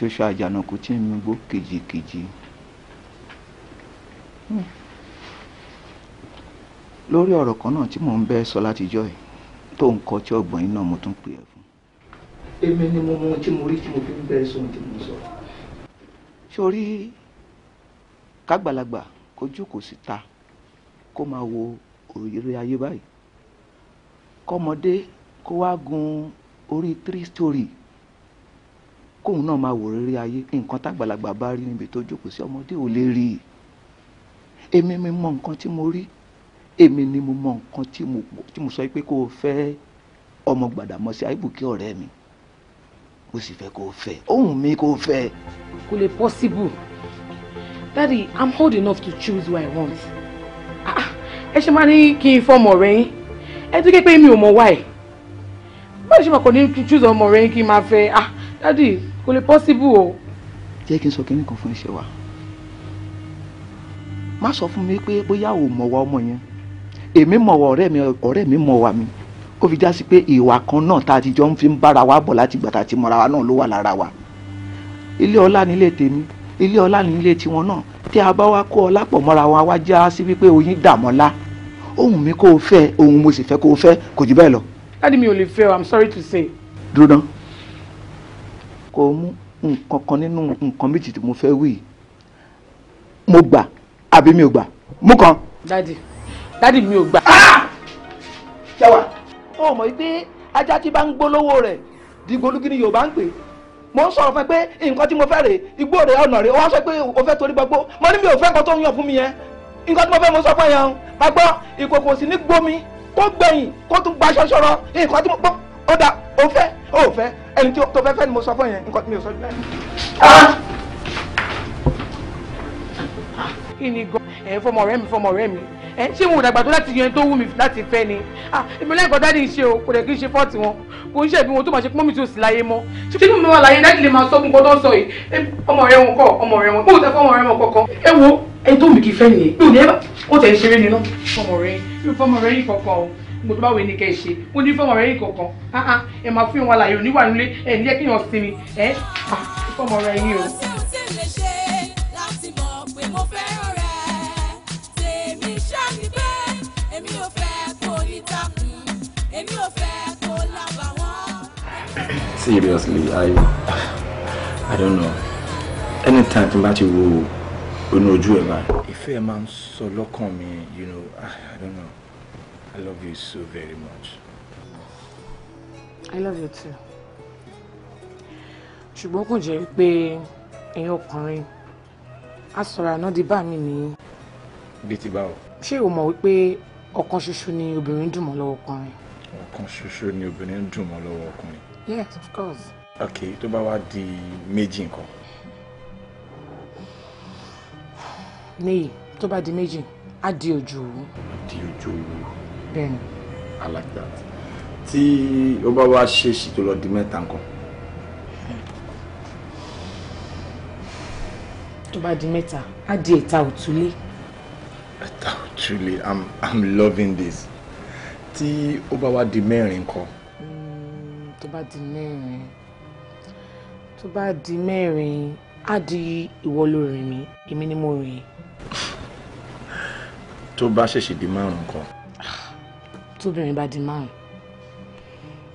ṣoṣo àjànàkú tí ń mugbó kejìkejì hmm. lórí ọ̀rọ̀ kan náà tí mò ń bẹ́ sọ látijọ́ yìí tó ń kọ tí ọ̀gbọ́n yìí náà mo tún pè é fún. èmi ni mo mọ ohun tí mo rí tí mo fi ń bẹ́ẹ̀ sọ ohun tí mo sọ. sórí kágbàlagbà kó jókòó síta kó máa wo òyìnbó ayé báyìí kọ́mọdé kó wá gun orí three story kóun náà máa wò rírí ayé nǹkan tágbàlagbà bá rí níbi tó jókòó sí ọmọdé ò lè rí i èmi mi mọ nǹkan tí mo rí èmi ni mo mọ nǹkan tí mo sọ pé kó o fẹ́ ọmọ Gbàdámọ̀sí Àìbùkẹ́ ọ̀rẹ́ mi mo sì fẹ́ kó o fẹ́ ohun mi kó o fẹ́. kò lè possible daddy i'm old enough to choose who i want ah, ah, ẹ ṣe máa ní kí n fọmọ rẹ yín ẹ tó ké pé mi ò mọ wáì báyìí ṣe máa kọ ní choose ọmọ rẹ yín kí n máa fẹ́ ah daddy kò lè pọ́síbù o. jẹ́ kí n sọ kínní kan fún ìṣe wa má sọ fún mi pé bóyá ò mọ̀ wá ọmọ yẹn èmi mọ̀ wá ọ̀rẹ́ mi ọ̀rẹ́ mi mọ̀ wá mi ó fi já sí pé ìwà kan náà tá a ti jọ ń fi ń bára wa bọ̀ láti gbàtà tí mọ̀ra wa náà ló wà lára wa ilé ọlá nílé tèmi ilé ọlá nílé tiwọn náà tí a bá wá kó ọlá pọ̀ mọ́ra wa wá já sí wípé oyin dàmọ́lá ohun mi kò fẹ́ ohun mo sì fẹ́ kò fẹ́ kò jù bẹ́ẹ̀ lọ. láti mi ò lè fẹ́ o i'm sorry to say. dúró náà kò mú nǹkan kan nínú nǹkan méjì tí mo fẹ́ wí mo gbà àbí mi ò gbà mú kan. dadi dadi mi ò gbà. Ah! ṣẹ́wà ó mọ̀ pé ajá tí bá ń gbó lówó rẹ̀ dìgbòlúgi ni yorùbá ń pè mo ń sọ̀rọ̀ fún ẹ pé nǹkan tí mo fẹ́ rè igbó rè ọ̀nà rè ó wá sọ pé o fẹ́ torí gbogbo mo ní mi ò fẹ́ nǹkan tó ń yàn fún mi yẹn nǹkan tí mo fẹ́ mo sọ fún ẹ yẹn o gbàgbọ́ ìkòkò sì ní gbómi kó gbẹ̀yìn kó tún gba nǹkan tí mo gbọ́ ó dà ó fẹ́ ó fẹ́ ẹni tí tó fẹ́ fẹ́ ni mo sọ fún yẹn nǹkan mi ò sọ jù bẹ́ẹ̀. Ah! kí ni gan ẹ fọmọ ọ̀rẹ́ mi fọmọ ọ̀rẹ́ mi ẹ ṣé mo dàgbà tó láti yẹn tó wù mí láti fẹ́ ni ah, èmi lẹ́kọ̀ọ́ dáàdi ṣe o kò dẹ̀ kí n ṣe fọ́ọ̀tì wọn kò ń ṣe ìbí wọn tó máa ṣe pọ́nmi tí o sì láyé mọ́. ṣé mi máa láyé dáàdi lè máa sọ fún kọ́tọ́ sọ yìí ọmọ ọ̀rẹ́ wọn kọ́ ọmọ ọ̀rẹ́ wọn kó o tẹ fọmọ ọ̀rẹ́ wọn kọ̀ọ̀kan. ẹ wo ẹ tó mi kì í fẹ́ nìyẹn mi ò ní ẹ bá ó tẹ̀ ṣeré ni fọmọ ọ̀rẹ́ yìí fọmọ ọ̀rẹ́ yìí kọ̀ọ̀kan o mo tó bá wẹ̀ ní kẹ́ ẹ ṣe mo ní fọ́ọ̀mù ọ̀rẹ́ yìí kankan ah, ah, ẹ máa fún ìwọ̀n àlàyé oníwà nílé ẹ ní jẹ́ kí èèyàn sinmi ẹ ah, fọ́ọ̀mù ọ̀rẹ́ yìí o. Seriously, I I don't know. Anytime tí n bá ti wo onú ojú ẹ̀ báyìí. Ìfẹ́ máa ń sọ lọ́kàn mi, you know, I don't know. I love you so very much. I love you too. ṣùgbọ́n kò jẹ́ pé ẹ̀yin ọkùnrin á sọ̀rọ̀ ànádìí bá mi nìyí. bí ti báwo. ṣé o mọ̀ wípé ọkàn ṣoṣo ni obìnrin dùn mọ́ lọ́wọ́ ọkùnrin. ọkàn ṣoṣo ni obìnrin dùn mọ́ lọ́wọ́ ọkùnrin. yes of course. ok tó bá wá di méjì nǹkan. níyì tó bá di méjì á di ojú òwú. di ojú òwú bẹ́ẹ̀ni. I like that Ti ó bá wá ṣe èsì tó lọ di mẹ́ta nǹkan. To ba di meta? á di ẹ̀ta òtúlé. ẹ̀ta òtúlé i'm i'm loving this Ti ó bá wá di mẹ́rin nǹkan. Hmm, to ba di mẹ́rin To ba di mẹ́rin á di ìwọ ló rìn mí èmi ni mo rìn. tó bá ṣèṣì di márùn-ún tóbìnrin bá di márùn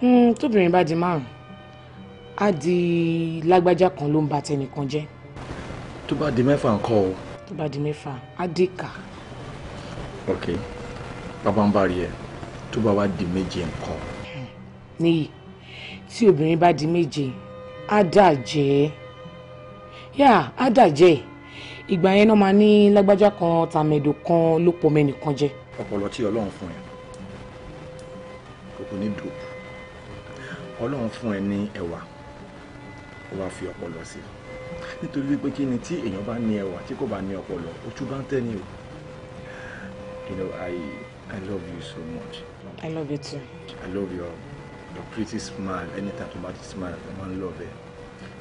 hmm, tóbìnrin bá di márùn á di lágbájá kan ló ń ba tẹnìkan jẹ́. tó bá di mẹ́fà ńkọ́ o. tó bá di mẹ́fà á di kà. ok bàbá ń bá rí ẹ tó bá wá di méje ńkọ́. níyì tí obìnrin bá di méje á dà jẹ́ yá á dà jẹ́ ìgbà yẹn náà máa ní lágbájá kan tàmẹ̀dò kan ló pọ̀ mẹ́nìkan jẹ. ọpọlọ tí Ọlọ́run fún ẹ kò ní dùn ọlọ́run fún ẹ ní ẹwà ó wá fi ọpọlọ sí i nítorí wípé kí ni tí èèyàn bá ní ẹwà tí kò bá ní ọpọlọ ojú bá ń tẹ́ ni o you know I I love you so much. I love you too. I love your your pretty smile anytime tó bá ti smile I máa ń love ẹ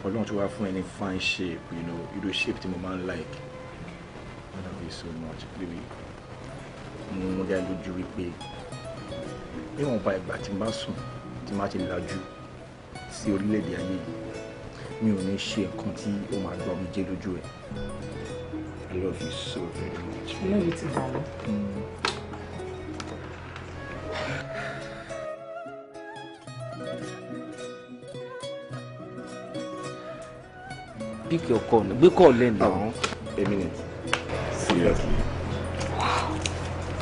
ọlọ́run tó wá fún ẹ ní fine shape you know irú shape tí mo máa ń like I love you so much baby mo mú dá lójú wípé níwọ̀nba ìgbà tí n sùn tí n ti lajú sí orílẹ̀-èdè ayé yìí mi ò ní ṣe nǹkan tí ó máa gbọ́ mi jẹ́ lójú ẹ̀. I love you so very much. I love you too, pick your call gbé call lẹ́nu. uh a minute seriously wow.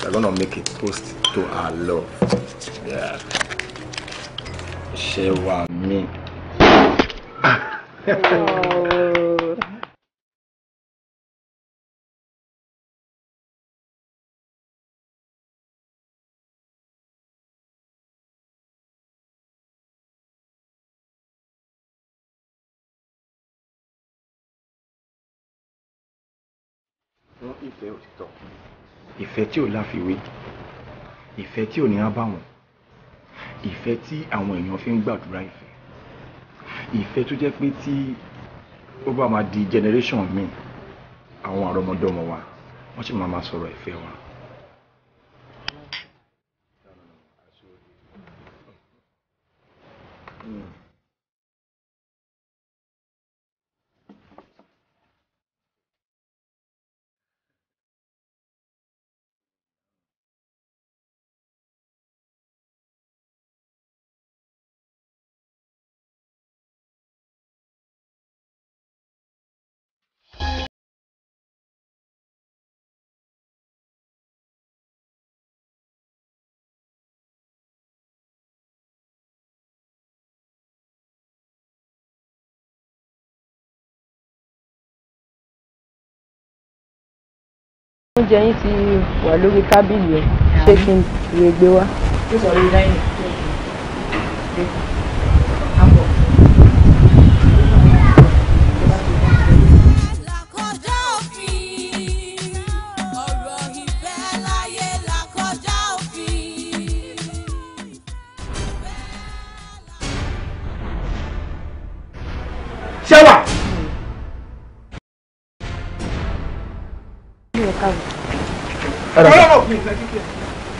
I'm gonna make a post to our love seu amigo. mí. ìfẹ́ tí ò láfiwé ìfẹ́ tí ò ní á bá wọn ìfẹ́ tí àwọn èèyàn fi ń gbàdúrà ìfẹ́ ìfẹ́ tó jẹ́ pé tí ó bá máa di generation mi àwọn àrọmọdọ́mọ wa wọ́n sì máa máa sọ̀rọ̀ ìfẹ́ wa Oúnjẹ yín ti wà lórí tábìlì ẹ̀, ṣé kí n lè gbé wá?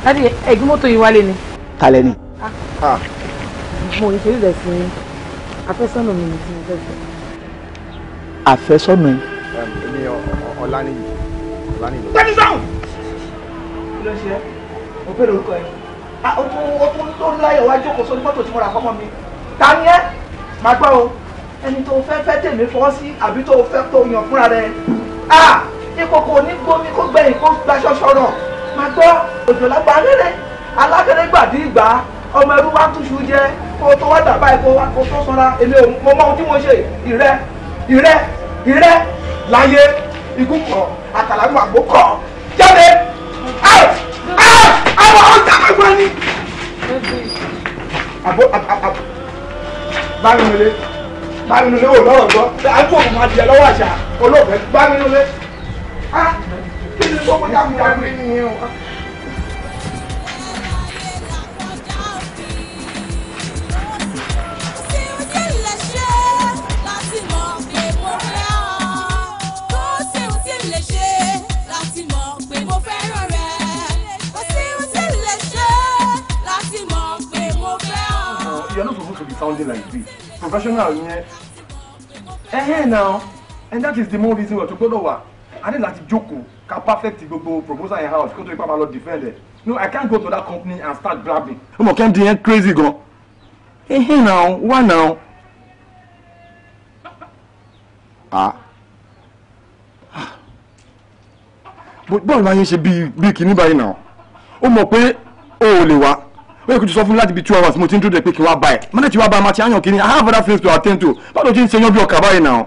dádì ẹ̀gbọ́n mọ́tò yìí wálé ni. kalẹ̀ ni. Ah. Ah. mo ì ṣeré rẹ̀ sí afẹ́sọ́nà mi ti fẹ́ fẹ́. àfẹ́sọ́nà. èmi ọ̀lànìyí ọ̀lànìyí. tẹ́lifí sáwọn. kí ló ṣe é mo fẹ́ lórúkọ yẹn. Ah, o tún o tún tó láyọ̀ wá jókòó sórí mọ́tò tí mo rà fọ́mọ mi. ta ni ẹ́ máa gbọ́ o ẹni tó fẹ́ fẹ́ tèmi fọwọ́ sí àbí tó fẹ́ tó yàn fúnra rẹ̀ ìkòkò onígbomi kó gbẹ̀yìn kó gbaṣọ sọ̀rọ̀ máa gbọ́ òjò lágbà rere alákẹ́rẹ́ gbàdí ìgbà ọmọ ẹrú wa túṣu jẹ kó tó wá dàbá ẹ kó wá kó tó sọra èmi ò mọ ohun tí mo ṣe ìrẹ ìrẹ ìrẹ láyé ikú kọ àtàlágbà àgbo kọ jáde out out àwọn ọjà àgbà ni. àbó àbó bá mi nulẹ̀ bá mi nulẹ̀ wò lọ́rọ̀ gbọ́ àbúrò mo máa jẹ lọ́wọ́ àṣà olóògbé bá mi nulẹ̀. You're not supposed to be sounding like this. Professional, yeah. Eh, hey, eh, now. And that is the more reason why to go to work a ní láti jókòó ká perfect gbogbo proposal in house kó tó ipá máa lọ defend it. no i can't go to that company and start grabbing. ọmọ kẹ́hìndé yẹn crazy gan. ehin na wà na. Ah. bọ́ọ̀lù máa ń ṣe bíi kìíní báyìí náà ó mọ̀ pé o ò lè wá ó yẹ kó ti sọ fún mi láti bíi two hours mo ti ń dúró de pé kí n wá bá ẹ mọ́nẹ́tì wá bá ẹ máa ti àyàn kìíní i have other things to attend to báwo ló ti ń ṣe yan bí ọkà báyìí náà.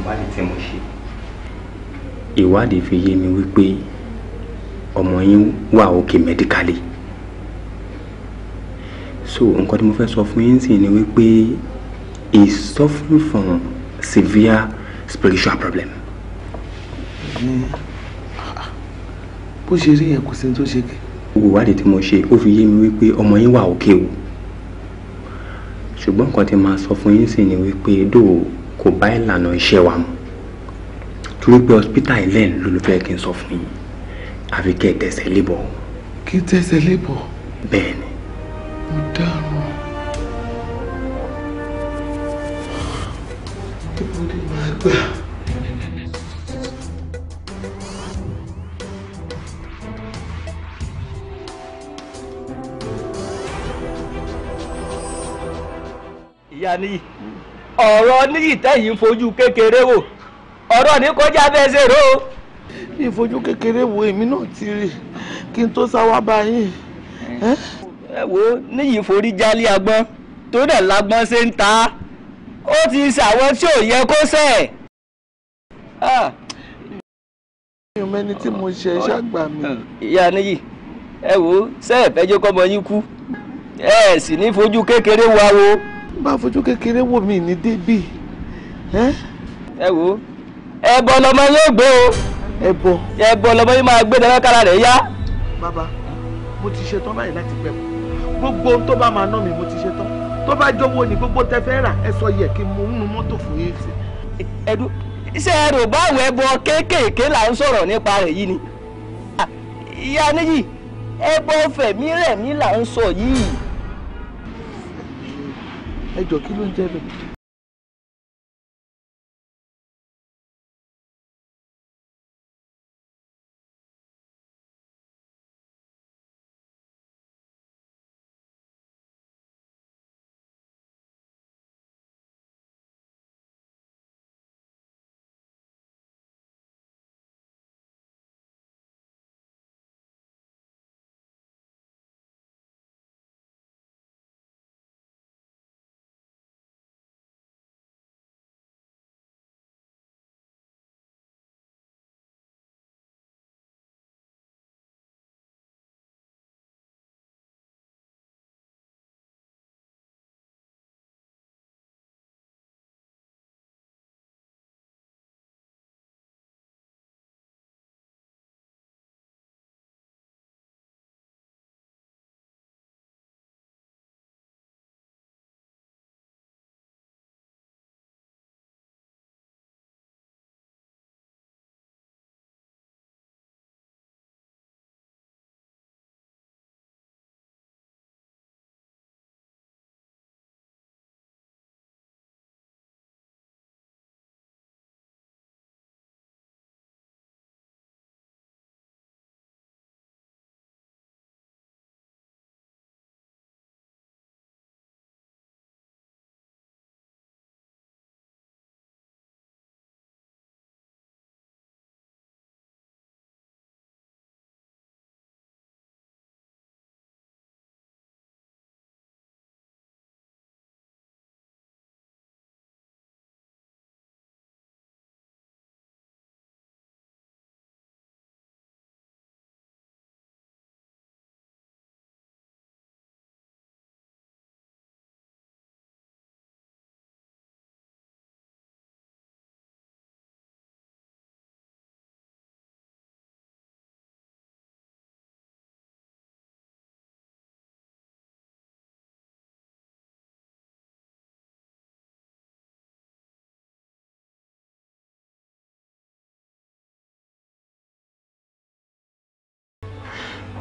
ìwádìí tí mo ṣe ìwádìí fi yé mi wípé ọmọ yín wà òkè mẹ́díkálì so nǹkan tí mo fẹ́ sọ fún yín sì ni wípé he is suffering from severe spiritual problem. bó ṣe rí yẹn kò sí ní tó ṣe kí. ìwádìí tí mo ṣe ó fi yé mi wípé ọmọ yín wà òkè o ṣùgbọ́n nǹkan tí màá sọ fún yín sì ni wípé dóò kò bá ìlànà iṣẹ́ wa mu torí pé hospital helen ló ló fẹ́ kí n sọ fún yín àfi kẹ́ ẹ tẹ̀sẹ̀ lébọ̀. kí tẹ̀sẹ̀ lébọ̀. bẹ́ẹ̀ ni. mo dárò. ibo ni ọ̀rọ̀ níyì tẹ́yìn fojú kékeré wò ọ̀rọ̀ ní kọjá bẹ́ẹ̀ ṣe rò ó. mi fojú kékeré wo èmi náà ti rí kí n tó sáwá báyìí. ẹ wo níyì forí jálé agbọ́n tó dẹ̀ lágbọ́n ṣe ń ta ó ti ṣàwọn tí ò yẹ kó ṣẹ̀. mi ò mẹ́ni tí mo ṣe iṣẹ́ àgbà mi. ìyá níyì ẹ wo sẹ́ẹ̀ fẹ́jọ́ kọ́mọ yín kú ẹ sì ní fojú kékeré wa wo bá fojú kékeré wò mí ní débì. ẹ wo ẹbọ lọmọ yóò gbé o ẹbọ ẹbọ lọmọ yóò máa gbé dáná kára rẹ yá. bàbá mo ti ṣetán báyìí láti pẹ́ mọ́ gbogbo ohun tó bá máa ná mi mo ti ṣetán tó bá jọ̀wọ́ ni gbogbo tẹ fẹ́ rà ẹ sọ yẹ kí n mú nínú mọ́tò fún yín sí. ẹdú iṣẹ́ rò báwọn ẹbọ kéékèèké là ń sọ̀rọ̀ nípa rẹ̀ yìí ni ìyá níyì ẹbọ fẹ̀mí rẹ̀ mí là ń sọ yìí ẹ jọ kí ló ń jẹ́ bẹ́ẹ̀.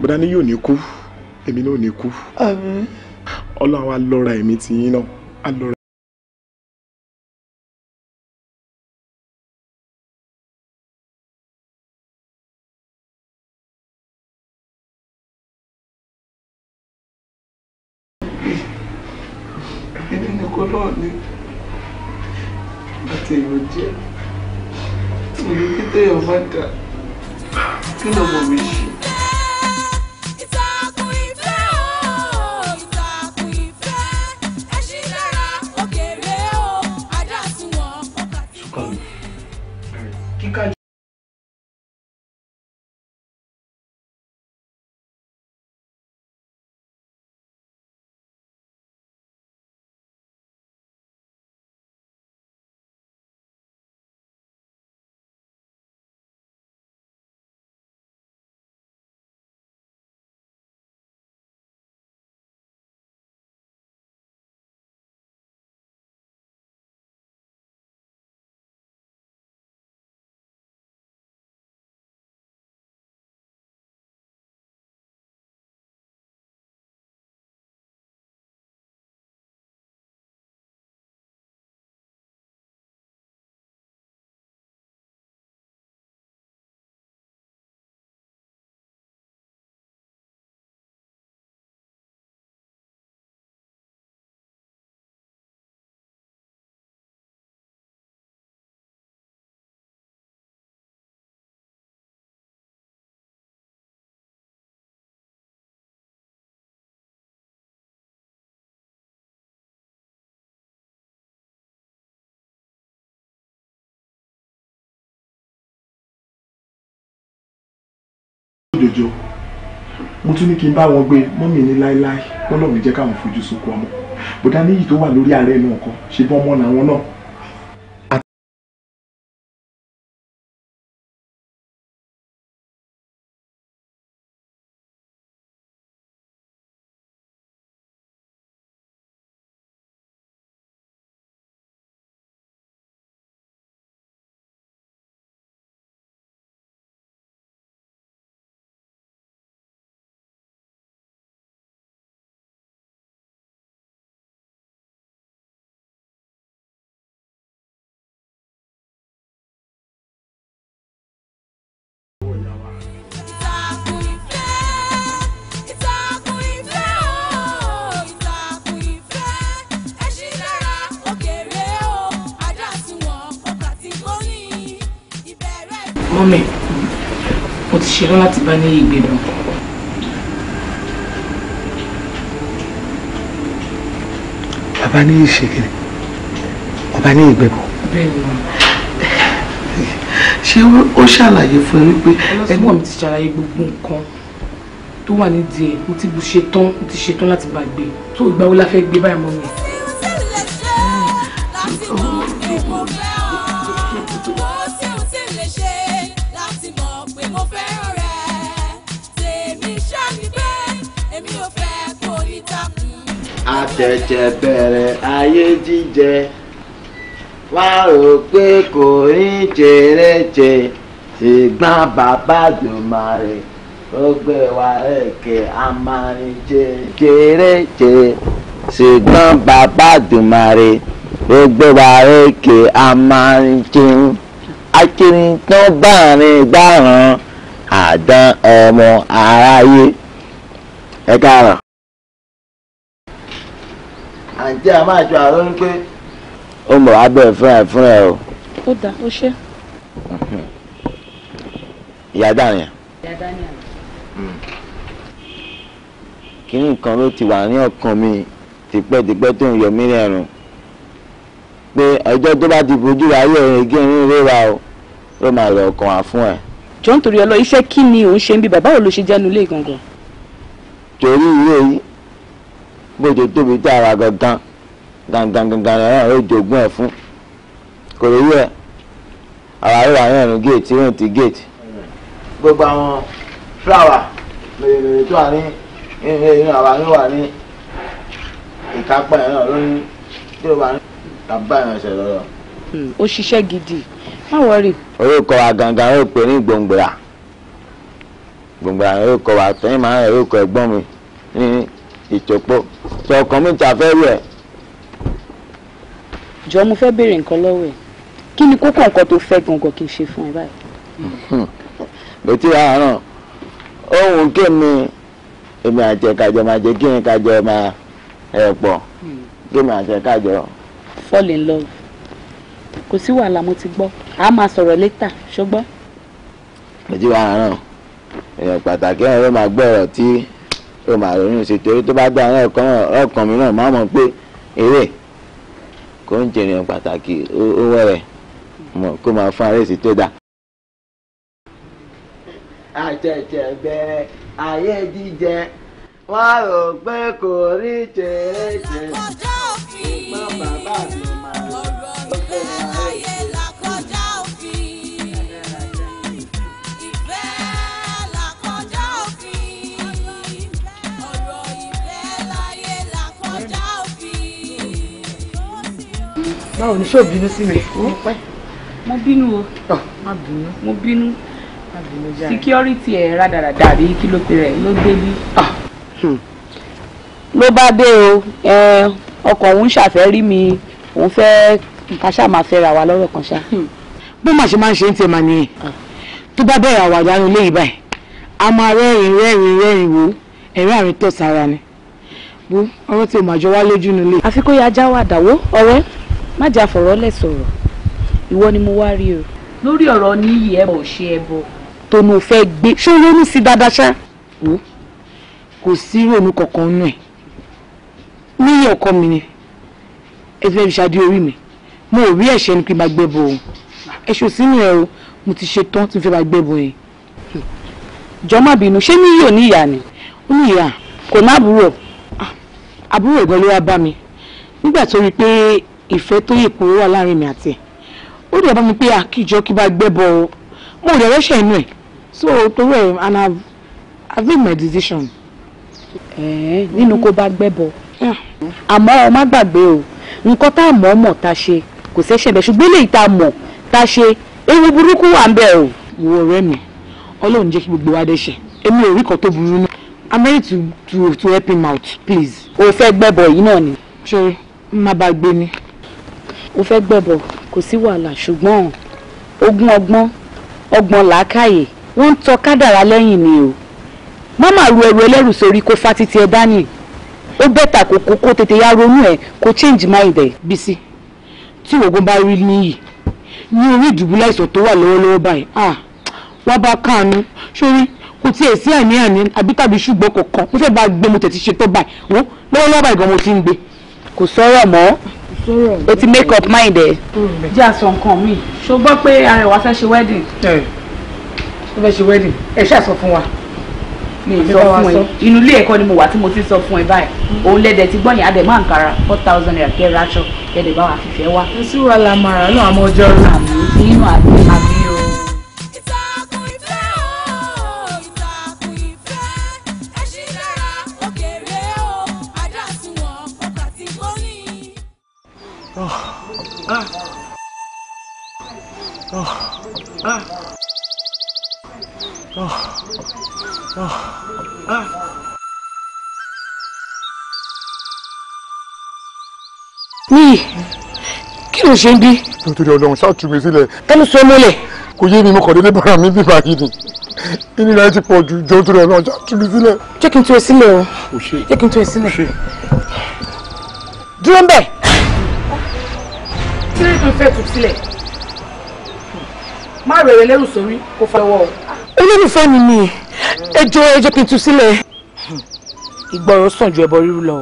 bọ́dá ní yóò ní kú èmi náà ò ní kú ọlọ́run á lọ́ra ẹ̀mí tiyín náà á lọ́ra. òjòjò mo tún ní kí n bá wọn gbé mọ́mì ní láéláé wọ́n jẹ́ káwọn fojú sunkún ọmọ bùdá níyì tó wà lórí ààrẹ náà kan ṣe bọ́ ọmọ làwọn náà gọ́ọ̀mẹ̀ mo ti ṣetán láti bá ní ìgbébọn. bàbá ní ìṣèkiri bàbá ní ìgbébọn. ṣé ó ṣàlàyé fún ẹ wípé. ọlọ́sùnmọ̀ mi ti ṣàlàyé gbogbo nǹkan tó wà nídìí ẹ̀ mo ti bu ṣetán mo ti ṣetán láti bá tó ìgbà wo la fẹ́ gbé báyìí mọ́ mi. àtẹ̀tẹ̀ bẹ̀rẹ̀ ayé jíjẹ wá rò pé kò ní jèrèjè ṣùgbọ́n bàbá Dùmarè ó gbé wa èké amárinjẹ jèrèjè ṣùgbọ́n bàbá Dùmarè ó gbé wa èké amárinjẹ akirintán bá rìn gbàràn àdán ọmọ aráyé ẹ káàárọ̀ àǹtí àmọ́ àjọ àárọ̀ ni pé ó mọ̀ abẹ́ fúnra ẹ̀ fúnra ẹ̀ o. ó dà ó ṣe. ìyá dànìyàn. Hmm. kínní nǹkan ló ti wà ní ọkàn mi tipẹ́tipẹ́ tó ń yọ mí lẹ́rùn pé ọjọ́ tó bá ti fojú ra ayé ẹ̀rìn igi ẹ̀rín rírà o ló máa lọ ọkàn wá fún ẹ. jọ nítorí ọlọ iṣẹ́ kí ni òun ṣe ń bí bàbá wo ló ṣe jẹ́nu ilé gangan. torí ilé yìí bó tóbi tí ara gangan gangan gangan náà yóò jogún ẹ̀ fún kò lè rí ara rírà náà ní géètì rìn ti géètì. gbogbo àwọn fúláwà mèremère tó wà ní inú àwa ló wà ní ìkápá ẹ̀ náà lóyún tí ó wà ní àbá ẹ̀ ṣẹ̀ lọ́dọ̀. Hmm, ó ṣiṣẹ́ gidi má wọrí. orúkọ wa gangan yóò pè ní gbòǹgbòrà gbòǹgbòrà yóò kọ wa tẹ́yìn máa ń rẹ̀ yóò ẹ̀gbọ́n mi ní ìtòpó sọ kọ̀m̀pútà fẹ́ rú ẹ̀. jọ mo fẹ́ béèrè nǹkan lọ́wọ́ ẹ̀ kí ni kókó nǹkan tó fẹ́ gangan kí n ṣe fún ẹ báyìí. bó ti rà ràn ohun kémi èmi àti ẹ̀kájọ máa jẹ́ kí ni kájọ máa ẹ̀ pọ̀ hmm. kémi àti ẹ̀kájọ. fall in love kò sí wàhálà mo ti gbọ́ a máa sọ̀rọ̀ létà ṣùgbọ́n. bó ti rà ràn èèyàn pàtàkì ẹ̀rọ máa gbọ́ ọ̀rọ̀ tí ó máa ronú sí torí tó bá gbé àwọn ọkàn ọkàn mìíràn máa mọ̀ pé eré kò ń jẹ ènìyàn pàtàkì ó wẹ̀rẹ̀ kó máa fún àrẹ́sì tó dáa. àtẹ̀tẹ̀ bẹ̀rẹ̀ ayé jíjẹ wá rò pé kò rí tèrè jẹ mọ bàbá mi máa lọ. báwo ni ṣó bínú sí mi. mo hmm? bínú o ah. má bínú mo bínú security ẹ̀ rádaràda àbí kí ló pe rẹ̀ ló débí. Ah. Hmm. ló bá dé o ọkọ̀ òun ṣàfẹ́ rí mi òun fẹ́ ká ṣáà máa fẹ́ ra wa lọ́rọ̀ kan ṣá. Hmm. bó má ṣe máa ń ṣe ń tẹ̀ màá nìyẹn ah. tó bá bẹ̀rẹ̀ àwàdà ní ilé yìí báyìí a máa rẹ́rìn rẹ́rìn rẹ́rìn wò ẹ̀rín àrùn tọ̀sára ni bó ọ̀rọ̀ tí o máa jọ wá lójú nílé. àfi kó yá já wàdà wo ọ̀rẹ́ má jà fọ̀rọ̀ lẹ̀ sọ̀rọ̀ ìwọ ni mo wá rí o. lórí ọ̀rọ̀ níyì ẹbọ ò ṣe ẹbọ. tòun ò fẹ́ gbé ṣé ronú sí dáadáa ṣá. wò kò sí ronú kankan nù ẹ̀ níyì ọkọ mi ni ẹ fẹ́ fi ṣáde orí mi mo ò rí ẹ̀ṣẹ̀ ni pé máa gbẹ́ bọ òun ẹ̀ṣọ́ sínú ẹ̀ o mo ti ṣe tán tí n fẹ́ máa gbẹ́ bọ yẹn. jọ má bínú ṣé níyì ò ní ìyá ni ó ní ìyá kò ní àbúrò ah, àbúrò ìgbọ́n ló wá bá mi nígbà tó rí pé ìfẹ́ tó yè kúrò wà láàrin mi àti ẹ̀ ó dẹ̀ bá mi pé àkìjọ kí bá gbẹ́bọ o mo rẹ̀ rẹ́ṣẹ̀ inú ẹ̀ so torí ẹ̀ and I've, I've made my decision. ẹ̀ẹ́n nínú kó bá gbẹ́bọ àmọ́ ọ má gbàgbé o nǹkan tá a mọ̀ mọ̀ tá a ṣe kò ṣẹ̀ṣẹ̀ bẹ̀ ṣùgbọ́n eléyìí tá a mọ̀ tá a ṣe ewu burúkú wà ń bẹ̀ o. ìwọ ọ̀rẹ́ mi Ọlọ́run jẹ́ kí gbogbo wa dẹ́ṣẹ̀ èmi ò rí kan tó burú náà I'm ready to to to help him out please. o fẹ́ gbẹ́bọ yìí náà ni. ṣe má bá gbé ni o fẹ́ gbẹ̀bọ̀ kò sí wàhálà ṣùgbọ́n ogún ọgbọ́n ọgbọ́n làákàyè wọ́n ń tọ kádàrá lẹ́yìn ni o má má ru ẹrù ẹlẹ́rù sórí kó fa ẹ dání ó bẹ́tà kó kó kó tètè yá ronú ẹ kó change mind ẹ. Bisi. tí ògùn bá rí níyì ní orí ìdùbúlẹ̀ àìsàn tó wà lọ́wọ́lọ́wọ́ báyìí ah wá bá káàánú sórí kò tiẹ̀ sí àní àní àbí tàbí ṣùgbọ́n kọ̀ọ̀kan mo fẹ́ bá gbé mo tẹ̀ ti ṣe tó báyìí wọ́n lọ́wọ́lọ́wọ́ báyìí gan mo ti ń gbé kò sọ̀rọ̀ mọ́ o ti make up mind ẹ. Hmm. jẹ́ àsọ nǹkan mi ṣó gbọ́ pé arẹwà fẹ́ ṣe wedding. ẹ fẹ́ ṣe wedding ẹ ṣáà sọ fún wa. mi ì sọ fún ẹ inú ilé ẹ̀kọ́ ni mo wà tí mo ti sọ fún ẹ báyìí hmm. òun lẹ́dẹ̀ ti gbọ́ yẹn adẹ̀ máa ń kara four thousand naira kẹ́ ra aṣọ kẹ́dẹ̀ bá wa. fífẹ́ wá. ẹ sì wà lámàrà náà àmọ́ ọjọ́ rẹ̀. àmì inú àti àbí. Ah. Oh. Ah. Oh. Oh. Ah. Níyì, kí ló ṣe ń bí? Nítorí Ọlọ́run ṣáà tú mi sílẹ̀. Tẹ́lú sọ mọ́lẹ̀. Kò yé mi mo kàn délé bára mi bíbá yìí ni ìnira ẹ ti pọ̀ ju jọ tó rẹ̀ já tú mi sílẹ̀. jẹ́ kí n tú ẹ sílẹ̀ o jẹ́ kí n tú ẹ sílẹ̀. dúró ń bẹ̀ sílẹ̀ tún fẹ́ tù sílẹ̀ má rẹ̀rẹ̀ lẹ́rù sórí kó fọwọ́ o. olólùfẹ́ mi ni ẹjọ́ ẹjọ́ kí n tú sílẹ̀. ìgbọràn sàn ju ẹbọ rírú lọ.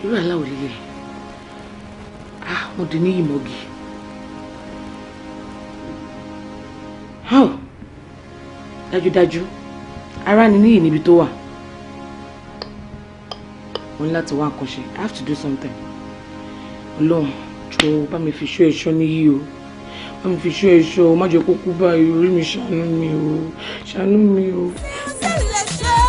irú aláwọ̀ líle ah mo dì ní ìmọ̀gì. How? dájúdájú ara ni níyì níbi tó wà mo ní láti wá nǹkan ṣe i have to do something ọlọ́run to bá mi fi ṣó ẹ̀ṣọ́ níyì o bá mi fi ṣó ẹ̀ṣọ́ o má jẹ́ kó kú báyìí mi ṣàánú mi o ṣàánú mi o. sílẹ̀ ṣe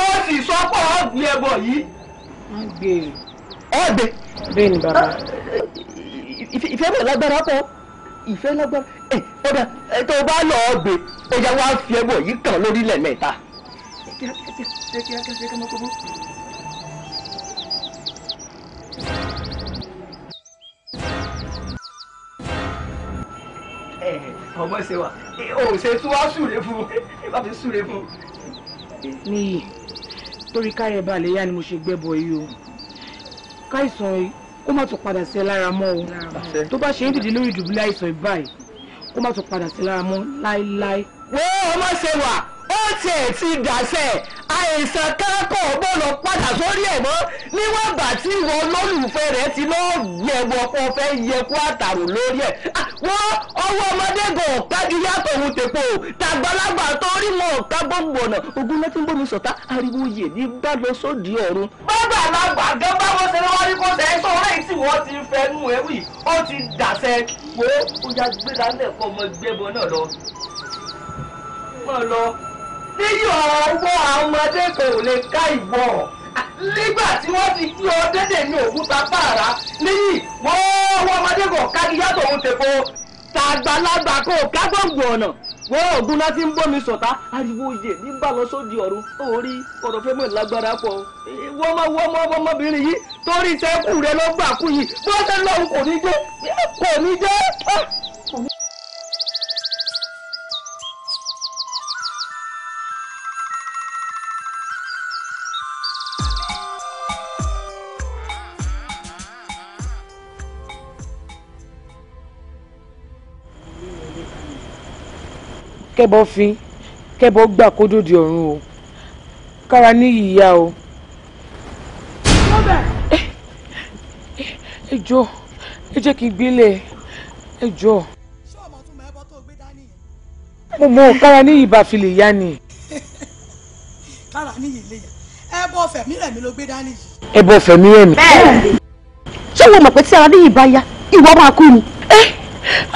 ó sì sọ pé ó gbé ẹbọ yìí. wọ́n gbé e. ẹ gbé. bẹ́ẹ̀ ni bàbá. ìfẹ́ bẹ̀rẹ̀ lágbára pọ̀ ìfẹ́ lágbára ẹ ọ̀dà ẹ tó bá lọ́ọ́ gbé ó yẹ wá fi ẹbọ yìí kàn lórílẹ̀ mẹ́ta. ọmọ ṣe wa o ṣe tí wàá ṣùrẹ́ fún un bá ti ṣùrẹ́ fún un níyì torí káyọ̀ balẹ̀ yá ni mo ṣe gbẹ́bọ yìí o káìsàn kó má tún padà sí ẹ lára mọ́ o tó bá ṣe é dìde lórí ìdùbúlẹ̀ àìsàn ìbáyìí kó má tún padà sí lára mọ́ láéláé. wo ọmọ ṣe wà ó tiẹ̀ ti dàsẹ̀ àìsàn kan kò gbọ́dọ̀ padà sórí ẹ̀ mọ́ níwọ̀n ìgbà tí ìwọ olólùfẹ́ rẹ̀ ti lọ́ọ́ yẹ wọ kó fẹ́ yẹ kó àtàrò lórí ẹ̀ ah, wọ́n ọwọ́ ọmọdé gan kájú yàtọ̀ òun tèpo tàgbàlagbà torí mọ̀ ká gbogbo ọ̀nà ogun ló ti ń bómi sọ̀tá ariwo yè ní bá lọ sódì ọ̀run. bàbá àlàgbà gan báwo ṣe lọ́wọ́ ní kò ṣe é sọ ọ́rẹ́ tí wọ́n ti fẹ́ nú ẹ wì ó ti dàṣẹ wo níyọ̀ ọwọ́ àwọn ọmọdé kò lè ká ìwọ nígbà tí wọ́n ti kí ọ dédè ní òkúta pààrà níyì wọ́n wọ́n ọmọdé kò kájíyá tòun tèpo tàgbàlagbà kò kágbọ̀ngbò ọ̀nà wọ́n ọ̀gbun náà ti ń bọ́ mi sọ̀tá ariwo yè ní bá lọ sódì ọ̀run orí ọ̀rọ̀ fẹ́ mọ̀ lágbára pọ̀ wọ́n mọ wọ́n mọ ọmọbìnrin yìí torí sẹ́kù rẹ ló kú yìí bọ́sẹ̀ lọ́hùn kò ní jẹ́ kò ní jẹ́. kẹ́bọ fin kẹ́bọ gbà kó dòde ọ̀run o kára ní ìyá o. Eh, eh, ẹ jọ̀ọ́ ẹ jẹ́ kí n gbélé ẹ jọ̀ọ́. mo mọ kára ní ìbá fi lè yá ni. kára ní ìlé yá ẹbọ fẹ̀mí rẹ̀ mi ló gbé dání yìí. ẹbọ fẹ̀mí rẹ̀ mi. ṣé wọn mọ̀ pé tí ara ní ìbá ya ìwọ máa kú ni. Eh,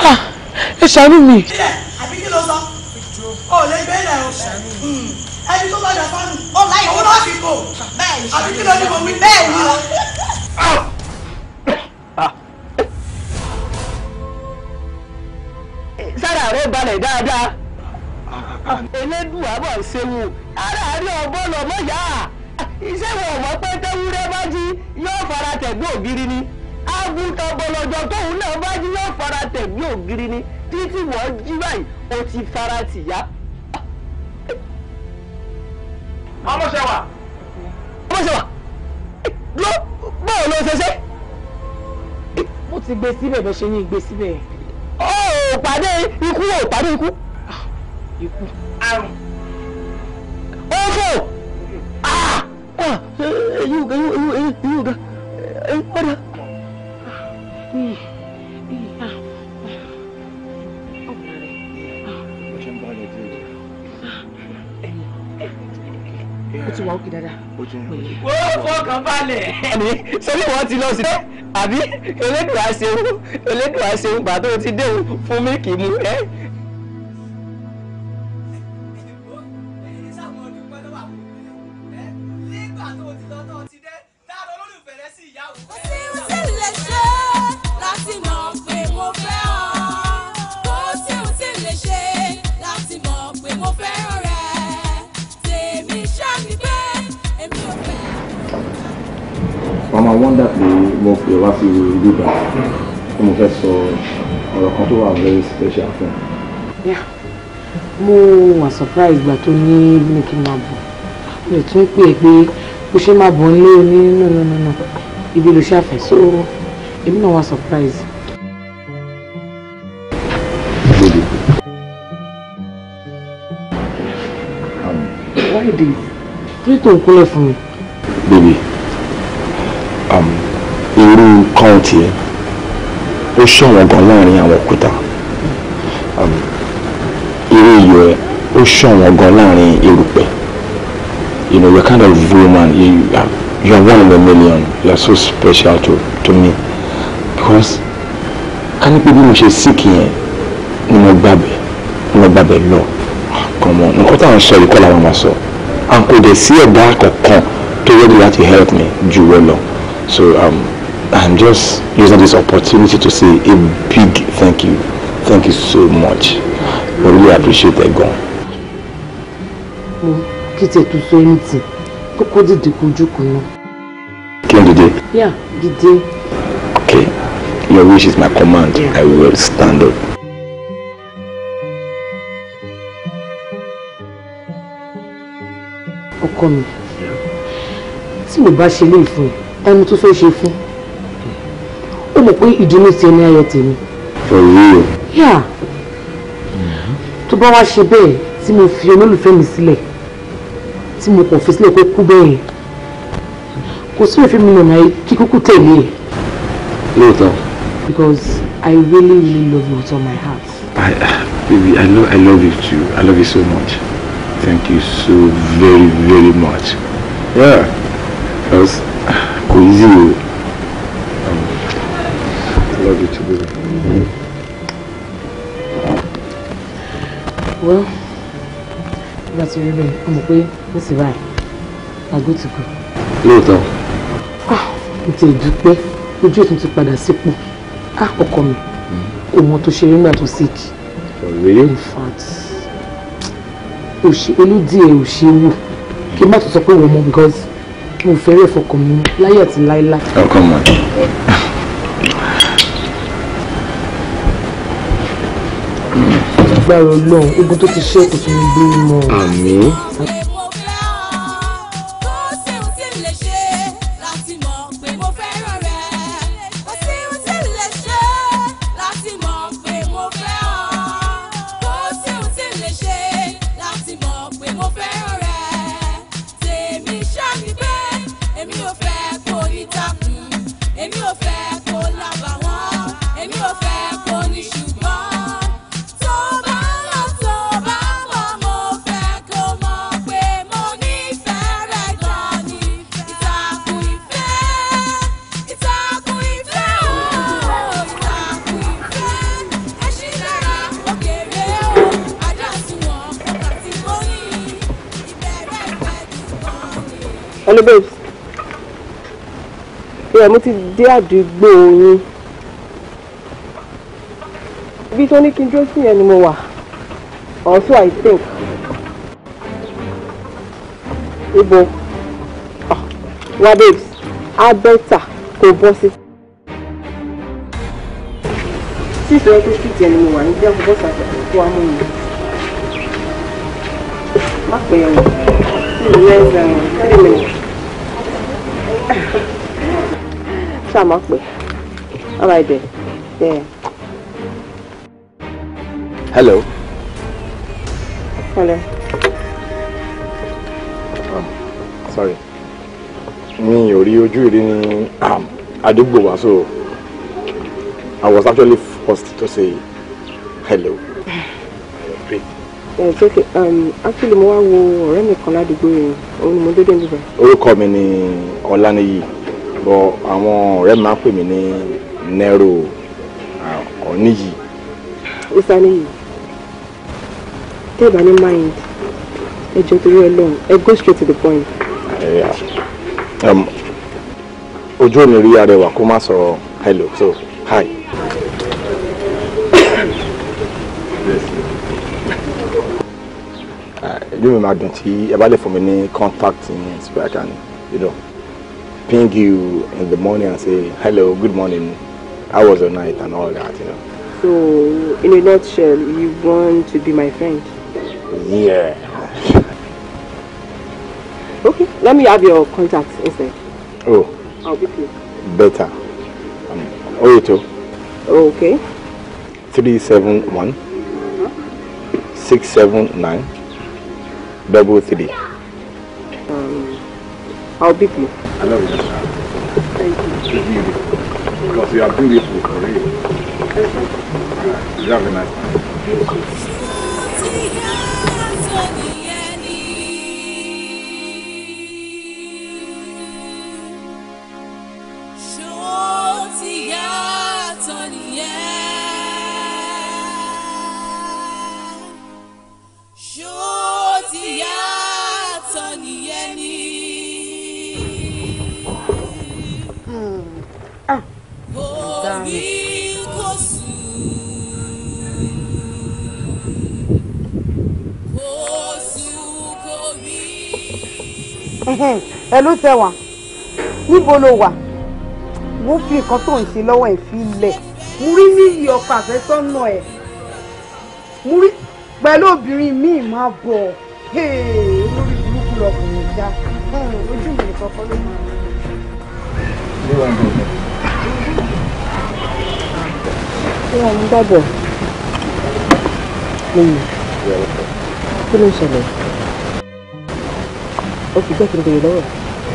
ah, ẹ ṣàánú mi. àbí kí ló sọ o lè gbé ilẹ̀ o hmm. ẹni tó bá dà fánù òun náà fi bò àbí kí ló ní mo wí bẹ́ẹ̀ ni. Ah. sára rẹ balẹ̀ dáadáa elédùn àbọ̀ ṣéwù aráàlú ọgbọ́n lọ́mọ yá iṣẹ́ wọn ò mọ̀ pé tẹ́wúrẹ́ bá jí yóò fara tẹ̀gbọ́n ògiri ni àgùntàn bọ̀lọ̀jọ̀ tóun náà bá jí yóò fara tẹ̀gbọ́n ògiri ni títí wọ́n jí báyìí ó ti fara tìyá ọmọṣẹwà. ọmọṣẹwà ló báwo ló ṣe ṣe. mo ti gbé síbẹ̀ bẹ́ẹ̀ ṣe ní gbé síbẹ̀. ó ò pàdé ikú ò pàdé ikú. ikú. àrùn. ó fò. eyín ò ga eyín ò ga eyín ò ga eyín ò ga. ó ti wà òkè dáadáa. ó fọkàn balẹ̀. àní sẹ́ni wọ́n ti lọ sí i àbí elédùn àṣeun elédùn àṣeun gbà tó ti dé fún mílìkì mu ẹ́ wọ́n máa wọ́ndà pé mo pè wá sí ìlú ìgbà tí mo fẹ́ sọ ọ̀rọ̀ kan tó wà very special fún un. mo wà surprise ìgbà tó ní ní kí n máa bọ̀ mo lè tún pè é pé bó ṣe máa bọ̀ nílé oní nínú ibi ló ṣàfẹ́ so èmi náà wà surprise. why did? kí ló tó ń kúnlẹ̀ fún mi? Baby, bèbè irú kan tiẹ̀ ó ṣọ̀wọ́n gan láàrin àwọn òkúta irú iyọ̀ ẹ̀ ó ṣọ̀wọ́n gan láàrin erùpẹ̀ you know you're kind of woman you, um, you're one in a million you're so special to, to me because ká ní pé bí mo ṣe síkì yẹn ni mo gbàbẹ̀ ni mo gbàbẹ̀ lọ kàn mọ́ nǹkan táwọn sọ yìí kọ́ làwọn máa sọ à ń kò dẹ̀ sí ẹ̀dá kọ̀ọ̀kan tó ready láti help me jù wọ́n lọ so um, I'm just using this opportunity to say a big thank you thank you so much I really appreciate that. gan. kí tiẹ̀ tó sọ ẹni tì kókó dìde kojú kan náà. kí n okay your wish is my command yeah. I will stand up. ọkọ tí mo bá ṣe léyìí fún ẹ ẹni tó fẹ́ ṣe fún ó mọ̀ pé ìdùnnú ti ẹni ayọ̀ tèmi. ọ̀rẹ́ o. yà mm-hmm. tó bá wá ṣe bẹ́ẹ̀ tí mo fi olólùfẹ́ mi sílẹ̀ tí mo kàn fi sílẹ̀ kó kú bẹ́ẹ̀ kò sí òfin mi lọ́nà kí kúkú tẹ̀lé ẹ̀. lóòótọ́. because I really really love you with all my heart. I, uh, baby I love I love you too I love you so much thank you so very very much yeah because kò easy o. love you too baby. Mm -hmm. well nígbà tí o rí bẹ́ẹ̀ o right. pé go to go. No, lóòótọ́. ah mo ti dúpẹ́ ojú ètò ti padà sípò ah oh come. kò want to share rí nígbà tó sick. ọ̀rẹ́ in fact olùdíje only ṣe wò kí n má tó sọ pé wọ́n mọ̀ because mi ò fẹ́rẹ̀ fọkàn mi láyé àti láíláí. ọkọ mọ. agbára ọlọ́run ogun tó ti ṣe kò tún gbé mọ́. àmín. ẹ̀ mo ti dé àdúgbò yín ibi tó ní kí n dúró sí yẹn ni mo wà also I think ibo ah, wa babes abẹ́ta kò bọ́ sí. tí ìṣòro tó sì jẹ́ ni mo wà ní jẹ́ kó bọ́ sàkóso tó wá mú mi má pè é wọ̀ sí ìlú three minutes ṣàmọ́ pé all right then yeah. hello. hello. Um, sorry mi ò rí ojú ìrí ní ah, àdúgbò wa so I was actually forced to say hello. ẹ jẹ́ kí actually mo wá wo ọ̀rẹ́ mi kan ládùúgbò yẹn òun ni mo dédé níbẹ̀. orúkọ mi ni Ọláníyì bọ àwọn ọ̀rẹ́ máa ń pè mí ní nero ọ̀níyì. ìsà níyì tẹ́ ẹ ní mind ẹ jọ torí ẹ lọ́hùn ẹ go straight to the point. Um, ojú ò ní rí arẹwà kó má sọ hello so hi. inú mi máa dùn tí ẹ bá lè fún mi ní contact yẹn so I can you know ping you in the morning and say, hello, good morning, how was your night and all that, you know. So, in a nutshell, you want to be my friend? Yeah. okay, let me have your contact instead. Oh. I'll be you. Better. Um, Oito. Oh, okay. one. Six seven nine. double three. Um, I'll be you. I love you. Thank you. It's beautiful. Because you are beautiful for real. You have a nice time. ẹ ló sẹ́wà níbo lo wà wọ́n fi nǹkan tó ń ṣe lọ́wọ́ ẹ̀ fi lẹ̀ mo rí níyì ọkọ àfẹ́sọ́nà ẹ̀ mo rí pẹ̀lú obìnrin míì máa bọ̀ lórí burúkú lọkùnrin já ojú mi nìkan kọ́ ló máa. ṣé àwọn ń dàgbọ̀ lóyún kí ló ń ṣẹlẹ̀? ó fi jẹ́ kí n béèrè lọ́wọ́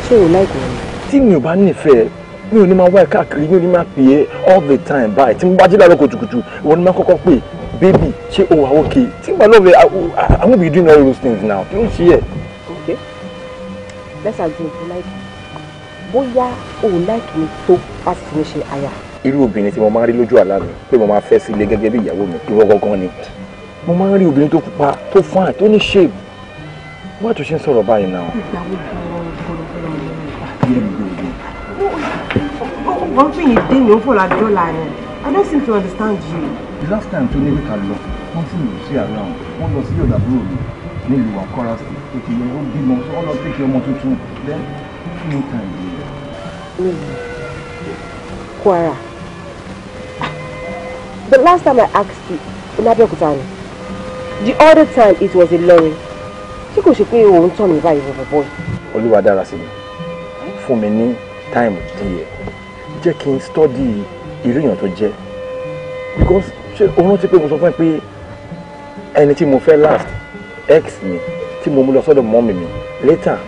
ṣé o láìpẹ́ rẹ̀. tí mi ò bá nífẹ̀ẹ́ mi ò ní máa wá ẹ káàkiri mi ò ní máa pè é all the time báyìí tí mo bá jí láàárọ̀ kùtùkùtù ìwọ ni máa kọ́kọ́ pè baby ṣé o wà okay tí mo lọ́ọ̀rẹ́ I won't be doing all those things now kí ló ń ṣe yẹ. okay let's agree to like bóyá o like mi tó láti fi mi ṣe aya. irú obìnrin tí mo máa ń rí lójú àlá mi pé mo máa fẹ́ sílé gẹ́gẹ́ bí ìyàwó mi ìwọ gangan ni mo máa ń rí obìnrin tó pupa tó fine tó ní shape What you ṣe ń sọ̀rọ̀ báyìí náà. wọ́n tún You dé ní òfòlà dọ́là yẹn I don't seem to understand you. the last time tó ní wíkà lọ wọ́n sì lù sí around see lọ room, yọ̀dà búrò mi chorus. àkọ́rà you ètò ìyẹn ó bímọ sọ ọ́ lọ tẹ̀kẹ́ ọmọ tuntun then no time yìí. the last time I asked you in Abeokuta ni the other time it was a lorry tí kò ṣe pé òun tàn mí báyìí bọ̀bọ̀ bọ́ọ̀. olúwa dára sí mi fún mi ní táìmù díẹ̀ jẹ́ kí n stọ́dì irú èèyàn tó jẹ́ because ṣé o rántí pé mo sọ fún ẹ pé ẹni tí mo fẹ́ last X mi tí mo mú lọ sọ́dọ̀ mọ́mì mi later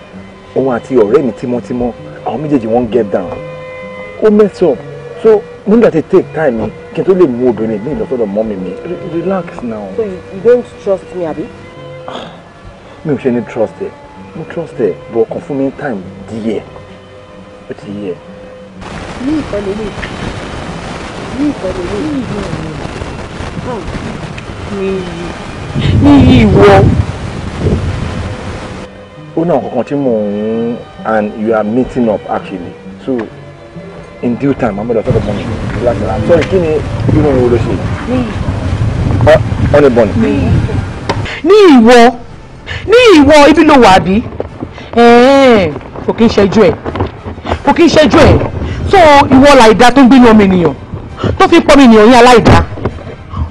òun àti ọ̀rẹ́ mi tímọ́tímọ́ àwọn méjèèjì wọ́n get down ó mess so mo nígbà tí take time mi kí n tó lè mú obìnrin mi lọ sọ́dọ̀ mọ́mì mi relax now. so you, you don't trust me abi mi ò ṣe ní trust ẹ mo trust ẹ bọ̀ kàn fún mi ní time díẹ̀ ó ti yẹ. ní ìkọlẹ̀ lè ní ìkọlẹ̀ lè ní ìlú ọ̀hún níyì níyì ìwọ. ó náà kankan tí mò ń and you are meeting up actually so in due time i'm gonna talk about money láti ra sorry kí ni irun wo ló ṣe. ní ìwọ. ọ ọ ní bọ̀ ni. ní ìwọ ní ìwọ ibi ló wà bí kò kí ń ṣẹjú ẹ kò kí ń ṣẹjú ẹ tó ìwọ làìda tó ń gbé ní ọmọ ènìyàn tó fi pọ́n mi ènìyàn yín aláìda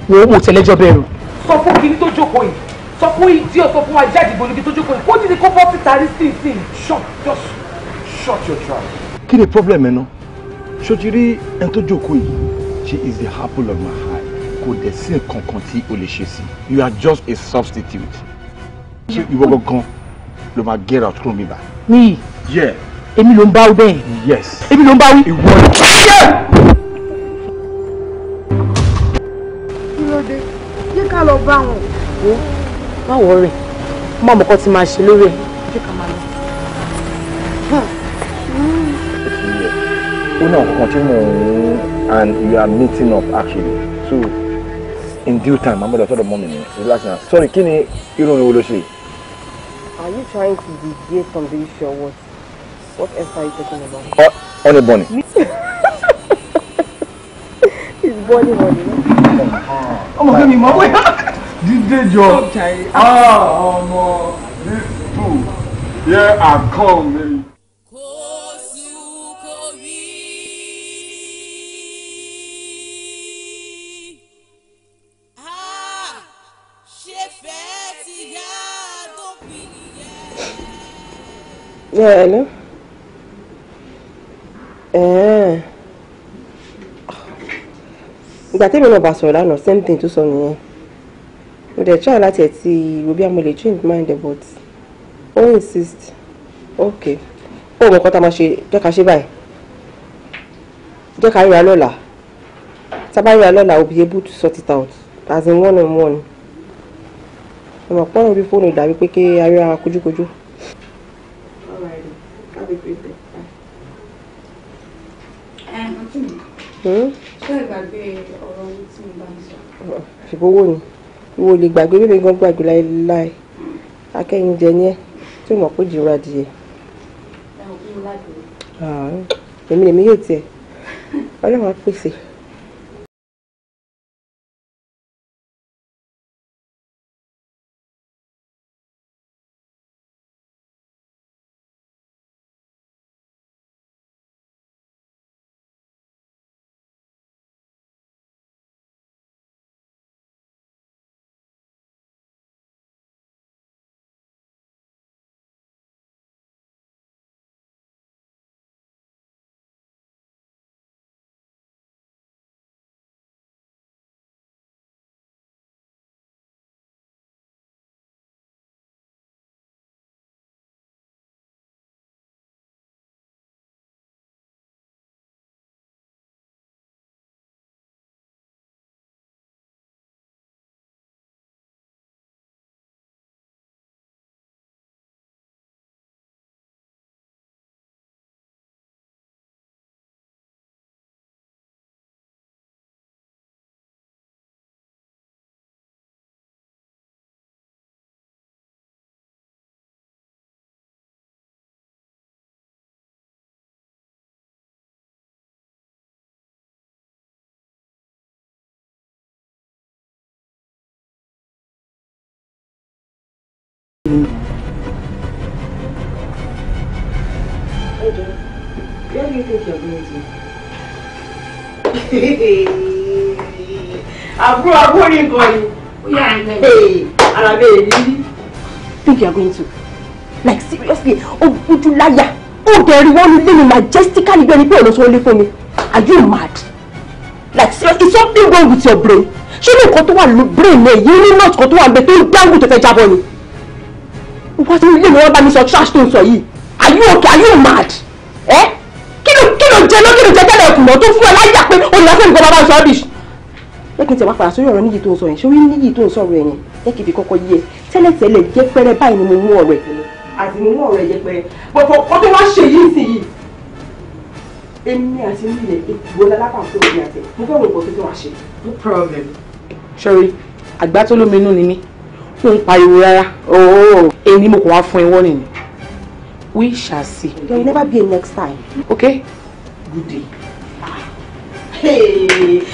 wò ó mò tẹ́lẹ́jọ́ bẹ̀rù. sọ fún kinní tó jókòó yìí sọ fún ìdí ọ̀ sọ fún ajá ìdìbò níbi tó jókòó yìí kó dìde kó bọ́ síta rí sí ìsìn shut just shut your trap. kí ni problem ẹ náà sotiri ẹn tó jókòó yìí she is the apple of my eye kò dẹ̀ sí nǹkan kan tí o lè ṣe sí you are just a substitute ṣé ìwọ gangan ló máa get out mi bá. mi èmi ló ń bá wí bẹ́ẹ̀. yes èmi ló ń bá wí. ìwọ ni. kí ló dé jẹ́ ká lọ bá wọn. wo má wọ rẹ má mọ̀kọ́ ti máa ṣe lórí ẹ̀ jẹ́ ká máa lọ. ó náà kàn tí mò ń and you are meeting up actually so in due time àmọ́ ìdọ̀tọ̀ ọ̀dọ̀ mi ni relax na sorry kí ni irun ni wo ló ṣe Are you trying to deviate from the issue or what? What else are you talking about? Uh, on a bunny. it's bunny bunny. Ọmọ kẹ́mi mọ̀ wẹ́. Dídé jọ. Ah ọmọ. These two here I come. Yeah, hello. Ìgbà tẹ́mi náà bá sọ̀rọ̀ lánàá same thing tó sọ nìyẹn. Mo dẹ̀ try láti ẹ̀ ti wo bí amọ̀ lè change mind ẹ̀ but ó insist. Okay. Ó mọ̀ kọ́ta máa ṣe jẹ́ ká ṣe báyìí. Jẹ́ ká ríra lọ́la. Tábà ríra lọ́la we'll be able to sort it out as in one on one. Ìmọ̀ pọ́nrọ̀ orí fóònù dàbí pé kí a ríra kojúkojú bebrebe. ẹ ọtí mi hmm? ṣé ìgbàgbé ọ̀rọ̀ ohun tí mo bá ń sọ. ṣùgbọ́n owó ni ìwọ lè gbàgbé bébè gan gbàgbé láéláé akẹ́yìn jẹ ní ẹ tí mo kó jìrò adìyẹ. èmi lèmi yóò tiẹ̀ ọlọ́run á pèsè. àbúrò àbúrò nǹkan yìí ó yà ń lẹ ara bẹ́ẹ̀ rí think you are going to like seriously ó gbójú láyà ó dẹ̀rí wọ́n lé mi majestically bẹ́ẹ̀ ni pé olóṣèlú lé fún mi are you mad like seriously something wrong with your brain ṣé ní nǹkan tó wà ló brain rẹ yìí ní nọ́ọ̀tì kan tó wà bẹ tó ń dáhùn tó fẹ́ jábọ̀ ni wọ́n ti lé mi wọ́n bá mi sọ trash tó ń sọ yìí are you okay are you mad ẹ́ eh? kí ló kí ló jẹ náà kí ló jẹ tẹ́lẹ̀ ẹ̀kùn mọ́ tó fún ẹ láyà pé olùdásílẹ̀ nǹkan bá bá ń sọ ọ́ bìṣ jẹ́ kí n tẹ̀wá fara sórí ọ̀rọ̀ níyì tó ń sọ yẹn sórí níyì tó ń sọ̀rọ̀ yẹn jẹ́ kí n kọ́kọ́ yé ẹ e. tẹ́lẹ̀tẹ́lẹ̀ jẹ́ pẹ́rẹ́ báyìí ni mo mú ọ̀rọ̀ ẹ̀ àti mo mú ọ̀rọ̀ ẹ̀ jẹ́ pẹ́rẹ́ bọ̀bọ̀ ó tó wá ṣe yìí sí yìí èmi àti nílẹ̀ ètùwọ́ lálápàtó òbí àtẹ mo fẹ́ wò ó tó tó oh, wá fún we shall see. there will never be a next time. okay good day.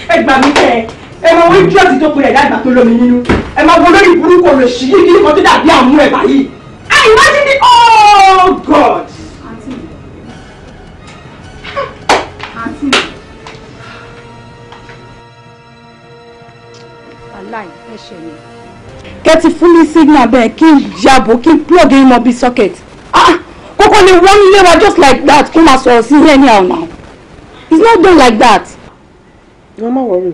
ẹ gbà mí tẹ́ ẹ máa wọ́n idiot tó pe ẹ̀dá ìgbà tó lómi nínú ẹ máa wọ́n lórí burúkú ọ̀rọ̀ ṣì yí kíni tó dàbí àmú ẹ̀ báyìí I imagine the oh God. kẹ́tì fún mi signal bẹ́ẹ̀ kí n yàbò kí n plug in mọ́ bí socket ah kókó ni wọ́n lé wa just like that kó máa sọ̀rọ̀ sí rẹ̀ ní àwọn it's not done like that. wọ́n worry.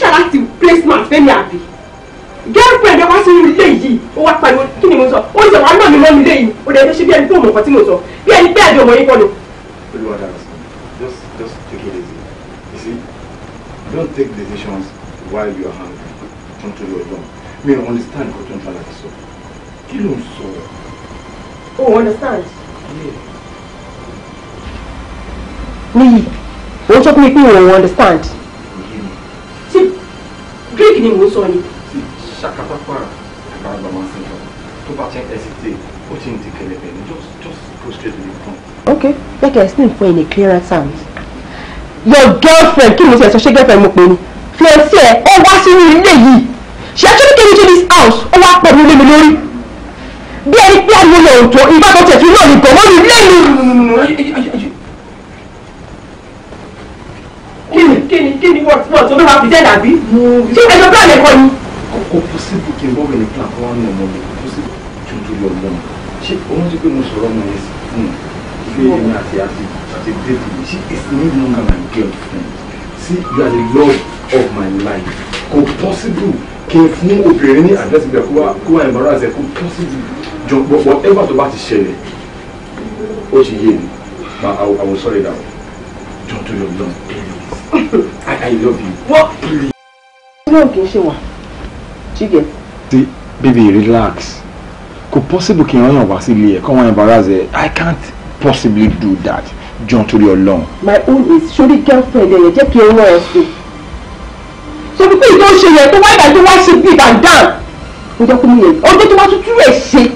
ṣá láti placement fẹ́mi àbí girlfriend wá sínú ilé yìí ó wá pariwo kí ni mo sọ ó ṣe wàá náà mi mọ́ mi lé yìí ó dẹ̀ ṣe bí ẹni tó mọ̀ nǹkan tí mo sọ bí ẹni pé àjọ mọ̀ yín kọ́ ni. Just, just take it easy. You see, don't take decisions while you are hungry. Control your tongue. Me understand what you're trying to say. Kí ló ń sọ? Oh, understand. Yeah. Níyì, òun you fún mi pé understand greek ni mò ń sọ yìí. ti ṣàkàpàpà àgbàlagbà máa ń sìn kan tó bá ti ń hesitate ó ti ń di kẹlẹbẹ ni just just go straight to the point. okay like i explain for you in clearer terms your girlfriend kí ni mo ti ẹ̀ girlfriend mo pè ní fiancé ẹ̀ ó wá sínú she actually came into this house ó wá pọ̀ mí lé mi lórí bí ẹni pé àwọn olè òtò ìbátan tẹ̀sí náà nìkan wọ́n ní ilé mi. kí ni wọ́n tó máa fi jẹ́ dàbí ṣé ẹjọ́ plan ẹ̀kọ́ ni. kò possible kí n bọ́ wẹ̀lẹ̀ plan fún ní ọmọ mi kò possible ju nítorí ọmọ mi ṣé òun ti pé mo sọ̀rọ̀ mi yẹn fún un pé èmi àti àti àti bẹ́ẹ̀dì mi ṣé èsì mi mú nà my girl friend sí you are the love of my life kò possible kí n fún obìnrin ní àdírẹ́sì bẹ́ẹ̀ kó wá kó wá ìmọ̀ràn àti ẹ̀kọ́ possible jọ gbọ́gbọ́ ẹgbà tó bá ti ṣẹlẹ̀ ó ti yé mi but I will sort it out jọ̀ọ́ tó yọ̀ lọ́nà. I, love you. What? Please. No, kì í ṣe Chige. See, baby, relax. Could possible can n rán yàn wá sí ilé embarrass ẹ̀. I can't possibly do that. John your Ọlọ́run. My own is surely girlfriend ẹ̀yẹ jẹ́ kí n rán ẹ sí. So bí pé ìtọ́ ṣe yẹ tó wá ìdájọ́ wá ṣe bí ìbàdàn. Ó jẹ́ kó mi yẹ ọjọ́ tó bá tún tú rẹ̀ ṣe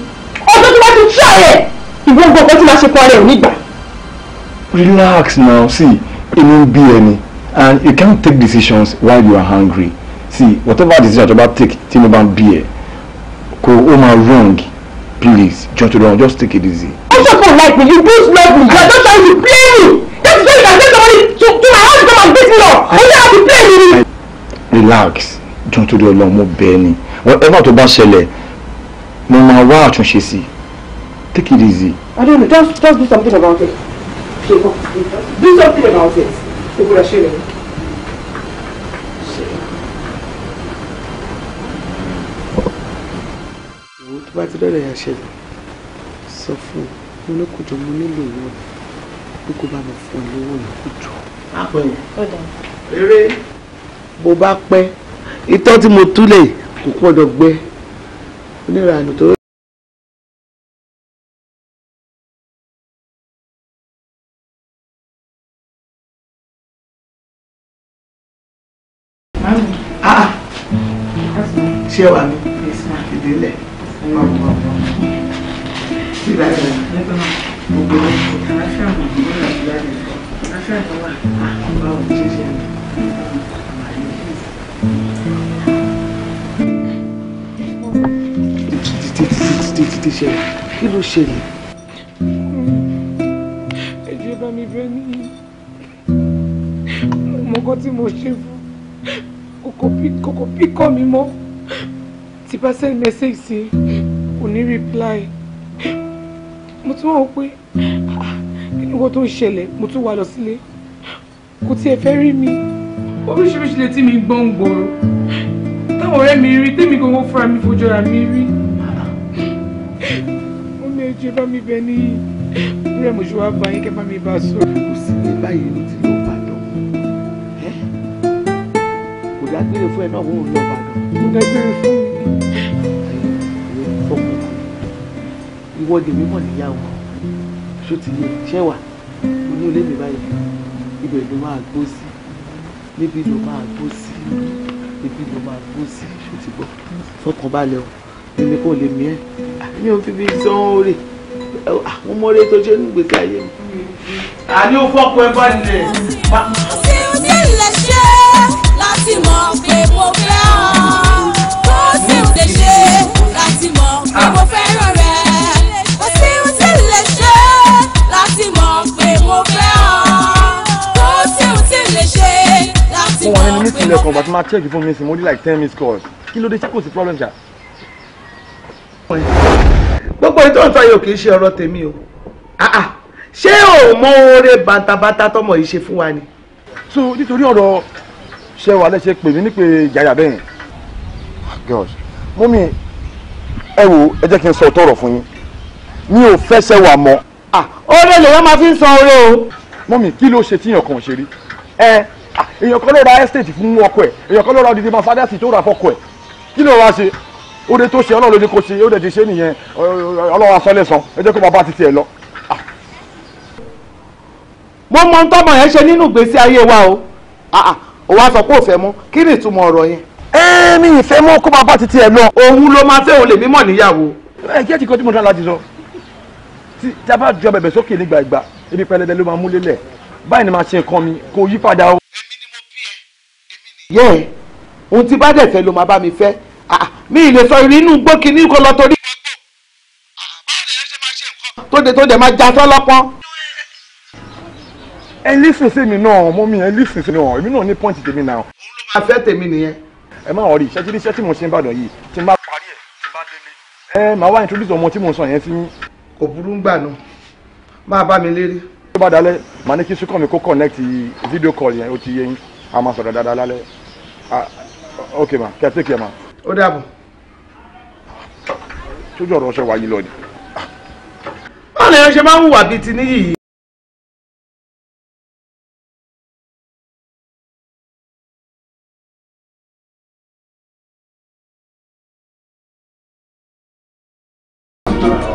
want to try it, you won't go gbọ́dọ̀ tí máa ṣe kọ́ rẹ̀ ò Relax now, see, it won't be any and you can't take decisions while you are hungry see whatever decision tó take tí mo bá ń bí wrong please Just tó just take it easy. ó sọ fún like me you don't love me You don't try to play me that is why you can take somebody to to my house come and beat me up ó yẹ to play me. relax jọ̀ọ́ tó lọ́wọ́ mo bẹ́ẹ̀ ni whatever tó bá ṣẹlẹ̀ mo máa wá àtúnṣe sí i take it easy. I don't know just just do something about it. do something about it. Ó gbọ́dọ̀ ṣe lẹ́yìn. Ìwọ tó bá ti dọ́dọ̀ yà ṣẹlẹ̀ sọ fún un mo ní kò jọ mo nílò ìwọ pé kó bá mi fún un lówó yìí kò jọ. Eré bó bá pẹ́ itọ́ tí mo túlẹ̀ kò gbọ́dọ̀ gbẹ onírànù tó. ṣé wà mí ìdílé síra ẹ̀ gbogbo títí ṣẹlẹ̀ kí ló ṣẹlẹ̀. ẹ jẹ́ bá mi bẹ́ẹ̀ ni mo kọ́ tí mo ṣe fún kòkòpí kòkòpí kọ́ mi mọ́ tí bá send message sí kò ní reply mo tún wọ́n pé ah, kí ni tó ń ṣẹlẹ̀ mo tún wá lọ sílé kò tiẹ̀ fẹ́ rí mi oríṣiríṣi lè tí mi gbọ́n gbòòrò táwọn ọ̀rẹ́ mi rí tèmi gbogbo fúnra mi fojọra mi rí ó lè jẹ bá mi bẹ níyì rẹ mo ṣe bá yín kẹ bá mi bá sọ̀rọ̀ kò sí ní báyìí ní ti lọ. tí a gbére fún ẹ náà wọn ò lọ Ìbàdàn. mo dá gbére fún mi. ìwọ lèmi mọ̀ níyàwó ṣó ti yẹ ṣẹ́wà mo ní mi báyìí ibẹ̀ ló máa gbó sí níbi ló máa gbó sí níbi ló máa gbó sí ṣó ti gbọ́ fọkàn balẹ̀ o èmi kò lè mí ẹ́ mi ò fi bí sán oore àwọn ọmọ rẹ tó ṣe ń gbèsè ayé mi. àní ó fọ́pọ̀ ẹ bá nílẹ̀ láti mọ̀ pé mo fẹ́ ọ́ kò sí ń ṣe ṣe láti mọ̀ pé mo fẹ́ràn rẹ̀ kò sí ń ṣe lè ṣe láti mọ̀ pé mo fẹ́ ọ́ kò sí ń ṣe lè ṣe láti mọ̀ pé mo fẹ́ ọ́. mo wà nínú mísìn lẹ́kọ̀ọ́ bàtí máa check fún mi sí mo ní like ten missed calls kí ló dé tí kò sí problem ṣá. gbogbo ìtọ́jú ayò kì í ṣe ọ̀rọ̀ tèmi o ah, ah. ṣé o mọ oore bàtàbàtà tọmọ yìí ṣe fún wa ni. so nítorí ọ̀rọ̀ ṣé wàá lẹ́sẹ̀ pè mí nípe jàyà bẹ́ẹ̀ yẹn. Ah, mọ́mí ẹ wo ẹ jẹ́ kí n sọ tọrọ fún yín mi ò fẹ́ sẹ́wà mọ́. Ah, ọ̀rẹ́ lèyàn máa fi ń san oore o. mọ́mí kí ló ṣe tíyàn kan ṣe rí ẹ ah, èèyàn kan ló ra estate fún ọkọ ẹ èèyàn kan ló ra odidi masadasi tó ra fọkọ ẹ kí ló wá ṣe ode tó ṣe ọlọ́run ni kò ṣe ode ti ṣe nìyẹn ọlọ́run asọ́lẹ̀sán ẹ jẹ́ kó bàbá ti tiẹ̀ lọ. mo mọ ohun tọ́mọ yẹn ṣe nínú ìgbésí ayé wa o o wá sọ pé ò fẹ́ mọ́ kí ni ìtumọ̀ ọ̀rọ̀ yẹn. ẹ mi ìfẹ́ mọ́ kó bàbá títí ẹ lọ. òun ló máa fẹ́ òun lè mímọ̀ níyàwó. ẹ jẹ́ ti kọ́ tí mo dá láti sọ tí tá a bá jọ bẹ̀bẹ̀ sókè nígbà ìgbà ibi pẹlẹbẹ ló máa mú lélẹ̀ báyìí ni màá ṣe nǹkan mi kò yí padà o. èmi ni mo bí ẹ èmi ni. yẹ́ẹ̀ ohun tí bá dẹ̀ fẹ́ ló máa bá mi fẹ́ ah, mi ì lè sọ ìrì inú gbó kinní kó lọ torí. Ah, tó de tó de máa já sọ́lọ́pọ́n ẹ lísìn sí mi náà ọmọ mi ẹ lísìn sí mi náà èmi náà ní pọ́ǹtì tèmi náà. òun ló máa fẹ́ tèmi nìyẹn. ẹ má wọrí iṣẹ́ tí iṣẹ́ tí mo ṣe ń bàdàn yìí tí n bá parí ẹ̀ tí n bá délé. ẹ máa wá introduce ọmọ tí mo sọ yẹn sí yín. kò burú ń gbà nù máa bá mi léré. tó bá dalẹ̀ màá ní kí sukọ mi kó connect video call yẹn ó ti yé yín a máa sọ̀rọ̀ dáadáa lálẹ́ ok ma kẹ́ ẹ take care ma. ó dàbọ̀. sójú ọ̀rọ̀ ọṣẹ wa yìí lọ ni. Thank you.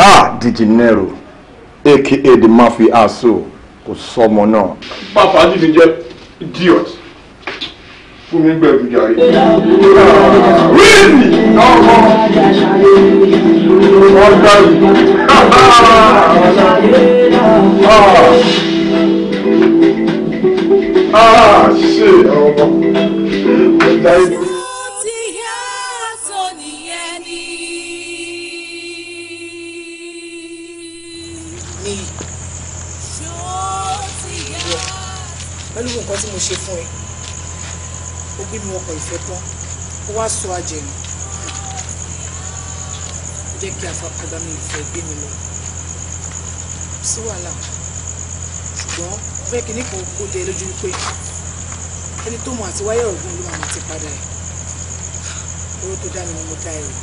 ah dijinero aka the mafia aso kò sọmọ náà. bàbá àti mi idiot fún mi gbẹ̀dù jàre. ah ah ṣe ọmọ ọjà pẹ̀lú nǹkan tí mo ṣe fún ẹ ó gbé mi ọkọ̀ ìfẹ́ tán ó wá sọ àjẹ̀nù ó jẹ́ kí agbami ìfẹ́ gbé mi lọ sí wàhálà ṣùgbọ́n fẹ́ kí ní kan kó jẹ lójú wípé ẹni tó mọ̀ àti wáyé ọ̀gbun ló máa ti padà ẹ̀ owó tó dá mi ni mo dá ẹ̀ rẹ̀.